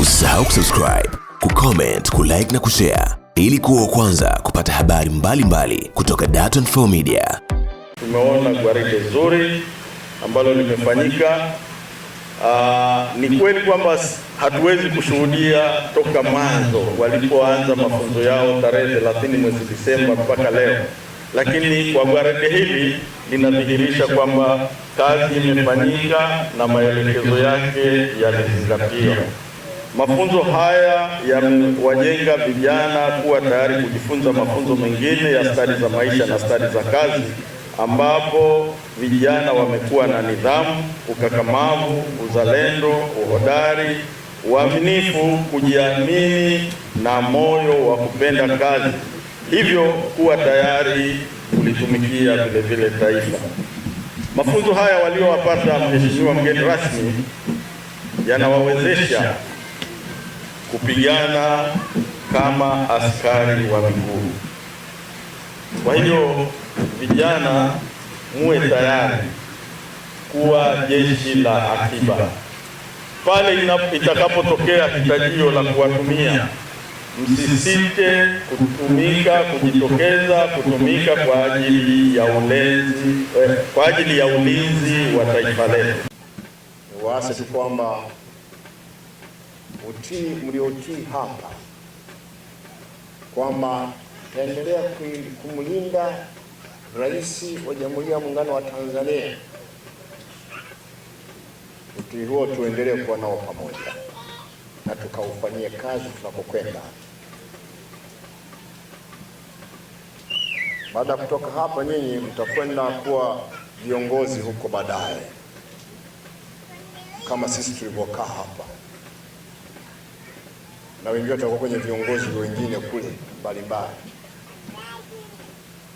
Usisahau kusubscribe, kucomment, kulike na kushare ili kuwa kwanza kupata habari mbalimbali mbali kutoka Dar24 Media. Tumeona gwaride zuri ambalo limefanyika. Uh, ni kweli kwamba hatuwezi kushuhudia toka mwanzo walipoanza mafunzo yao tarehe 30 mwezi Disemba mpaka leo, lakini kwa gwaride hili linadhihirisha kwamba kazi imefanyika na maelekezo yake yalizingatiwa. Mafunzo haya yamewajenga vijana kuwa tayari kujifunza mafunzo mengine ya stadi za maisha na stadi za kazi, ambapo vijana wamekuwa na nidhamu, ukakamavu, uzalendo, uhodari, uaminifu, kujiamini na moyo wa kupenda kazi, hivyo kuwa tayari kulitumikia vile vile taifa. Mafunzo haya waliowapata, Mheshimiwa mgeni rasmi, yanawawezesha kupigana kama askari wa miguu. Kwa hiyo vijana, muwe tayari kuwa jeshi la akiba pale itakapotokea hitajio la kuwatumia, msisite kutumika, kujitokeza kutumika kwa ajili ya ulinzi, eh, kwa ajili ya ulinzi wa taifa letu. Waase tu kwamba utii mliotii hapa kwamba taendelea kumlinda Rais wa Jamhuri ya Muungano wa Tanzania. Utii huo tuendelee kuwa nao pamoja na tukaufanyie kazi tunapokwenda. Baada ya kutoka hapa, nyinyi mtakwenda kuwa viongozi huko baadaye, kama sisi tulivyokaa hapa na wengine watakuwa kwenye viongozi wengine kule mbalimbali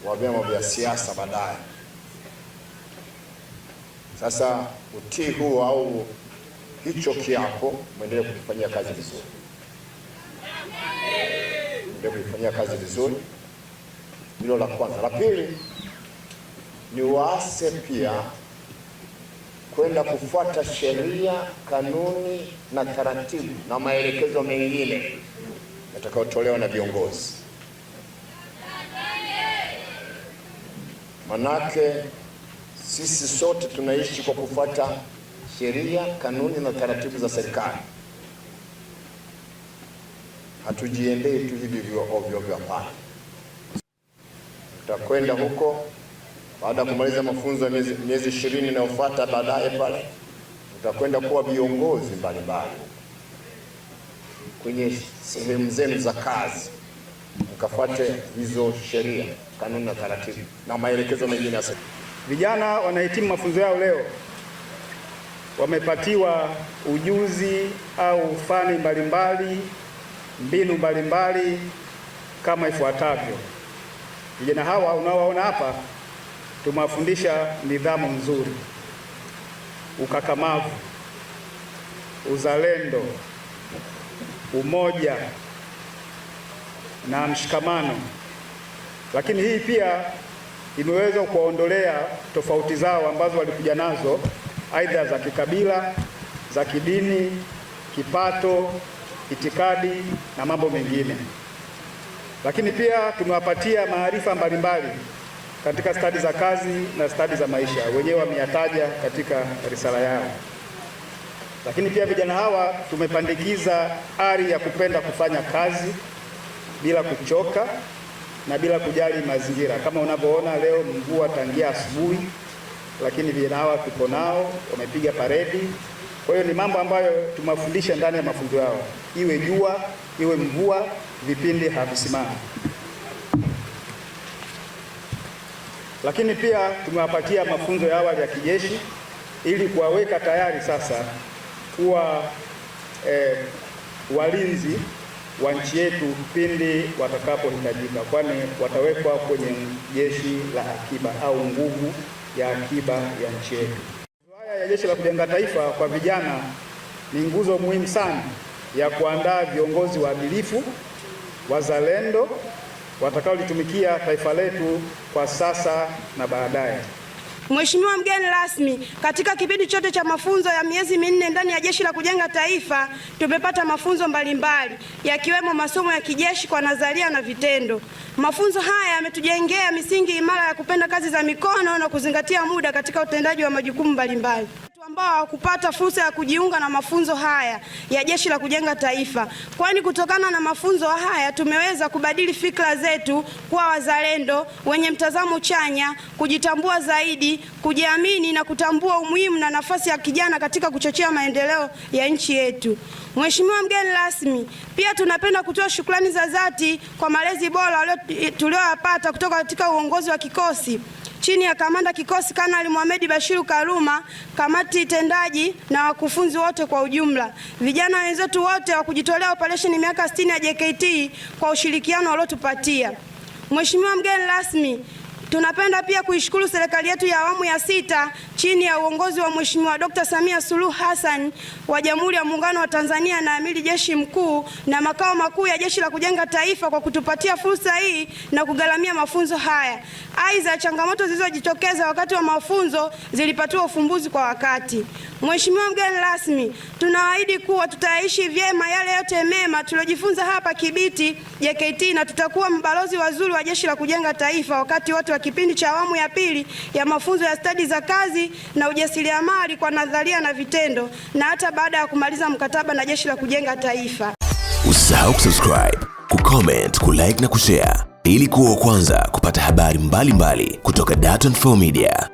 wa vyama vya siasa baadaye. Sasa utii huo au hicho kiapo mwendelee kukifanyia kazi vizuri, mwendelee kukifanyia kazi vizuri. Hilo la kwanza. La pili ni waase pia kwenda kufuata sheria, kanuni na taratibu na maelekezo mengine yatakayotolewa na viongozi. Manake sisi sote tunaishi kwa kufuata sheria, kanuni na taratibu za serikali, hatujiendei tu hivi ovyo ovyo. Hapana, tutakwenda huko baada ya kumaliza mafunzo ya miezi ishirini inayofuata baadaye pale utakwenda kuwa viongozi mbalimbali kwenye sehemu zenu za kazi, mkafuate hizo sheria, kanuni na taratibu na maelekezo mengine ya serikali. Vijana wanahitimu mafunzo yao leo, wamepatiwa ujuzi au fani mbalimbali, mbinu mbalimbali kama ifuatavyo. Vijana hawa unaowaona hapa tumewafundisha nidhamu nzuri, ukakamavu, uzalendo, umoja na mshikamano, lakini hii pia imeweza kuwaondolea tofauti zao ambazo walikuja nazo aidha za kikabila, za kidini, kipato, itikadi na mambo mengine, lakini pia tumewapatia maarifa mbalimbali katika stadi za kazi na stadi za maisha, wenyewe wameyataja katika risala yao. Lakini pia vijana hawa tumepandikiza ari ya kupenda kufanya kazi bila kuchoka na bila kujali mazingira. Kama unavyoona leo, mvua tangia asubuhi, lakini vijana hawa tuko nao, wamepiga paredi. Kwa hiyo ni mambo ambayo tumewafundisha ndani ya mafunzo yao, iwe jua iwe mvua, vipindi havisimami. Lakini pia tumewapatia mafunzo ya awali ya kijeshi ili kuwaweka tayari sasa kuwa eh, walinzi wa nchi yetu pindi watakapohitajika, kwani watawekwa kwenye jeshi la akiba au nguvu ya akiba ya nchi yetu. Haya ya Jeshi la Kujenga Taifa kwa vijana ni nguzo muhimu sana ya kuandaa viongozi waadilifu, wazalendo watakaolitumikia taifa letu kwa sasa na baadaye. Mheshimiwa mgeni rasmi, katika kipindi chote cha mafunzo ya miezi minne ndani ya Jeshi la Kujenga Taifa tumepata mafunzo mbalimbali yakiwemo masomo ya kijeshi kwa nadharia na vitendo. Mafunzo haya yametujengea misingi imara ya kupenda kazi za mikono na kuzingatia muda katika utendaji wa majukumu mbalimbali ambao hawakupata fursa ya kujiunga na mafunzo haya ya Jeshi la Kujenga Taifa, kwani kutokana na mafunzo haya tumeweza kubadili fikra zetu kuwa wazalendo wenye mtazamo chanya, kujitambua zaidi, kujiamini na kutambua umuhimu na nafasi ya kijana katika kuchochea maendeleo ya nchi yetu. Mheshimiwa mgeni rasmi, pia tunapenda kutoa shukrani za dhati kwa malezi bora eh, tuliyoyapata kutoka katika uongozi wa kikosi chini ya kamanda kikosi Kanali Mohamed Bashiru Karuma, kamati itendaji na wakufunzi wote kwa ujumla, vijana wenzetu wote wa kujitolea operesheni miaka 60 ya JKT kwa ushirikiano waliotupatia. Mheshimiwa mgeni rasmi Tunapenda pia kuishukuru serikali yetu ya awamu ya sita chini ya uongozi wa Mheshimiwa Dkt. Samia Suluhu Hassan wa Jamhuri ya Muungano wa Tanzania na Amiri Jeshi Mkuu na makao makuu ya Jeshi la Kujenga Taifa kwa kutupatia fursa hii na kugharamia mafunzo haya. Aidha, changamoto zilizojitokeza wakati wa mafunzo zilipatiwa ufumbuzi kwa wakati. Mheshimiwa mgeni rasmi, tunaahidi kuwa tutaishi vyema yale yote mema tuliojifunza hapa Kibiti JKT na tutakuwa mabalozi wazuri wa Jeshi la Kujenga Taifa wakati wote wa kipindi cha awamu ya pili ya mafunzo ya stadi za kazi na ujasiriamali kwa nadharia na vitendo na hata baada ya kumaliza mkataba na Jeshi la Kujenga Taifa. Usisahau kusubscribe, kucomment, kulike na kushare ili kuwa wa kwanza kupata habari mbalimbali mbali kutoka Dar24 Media.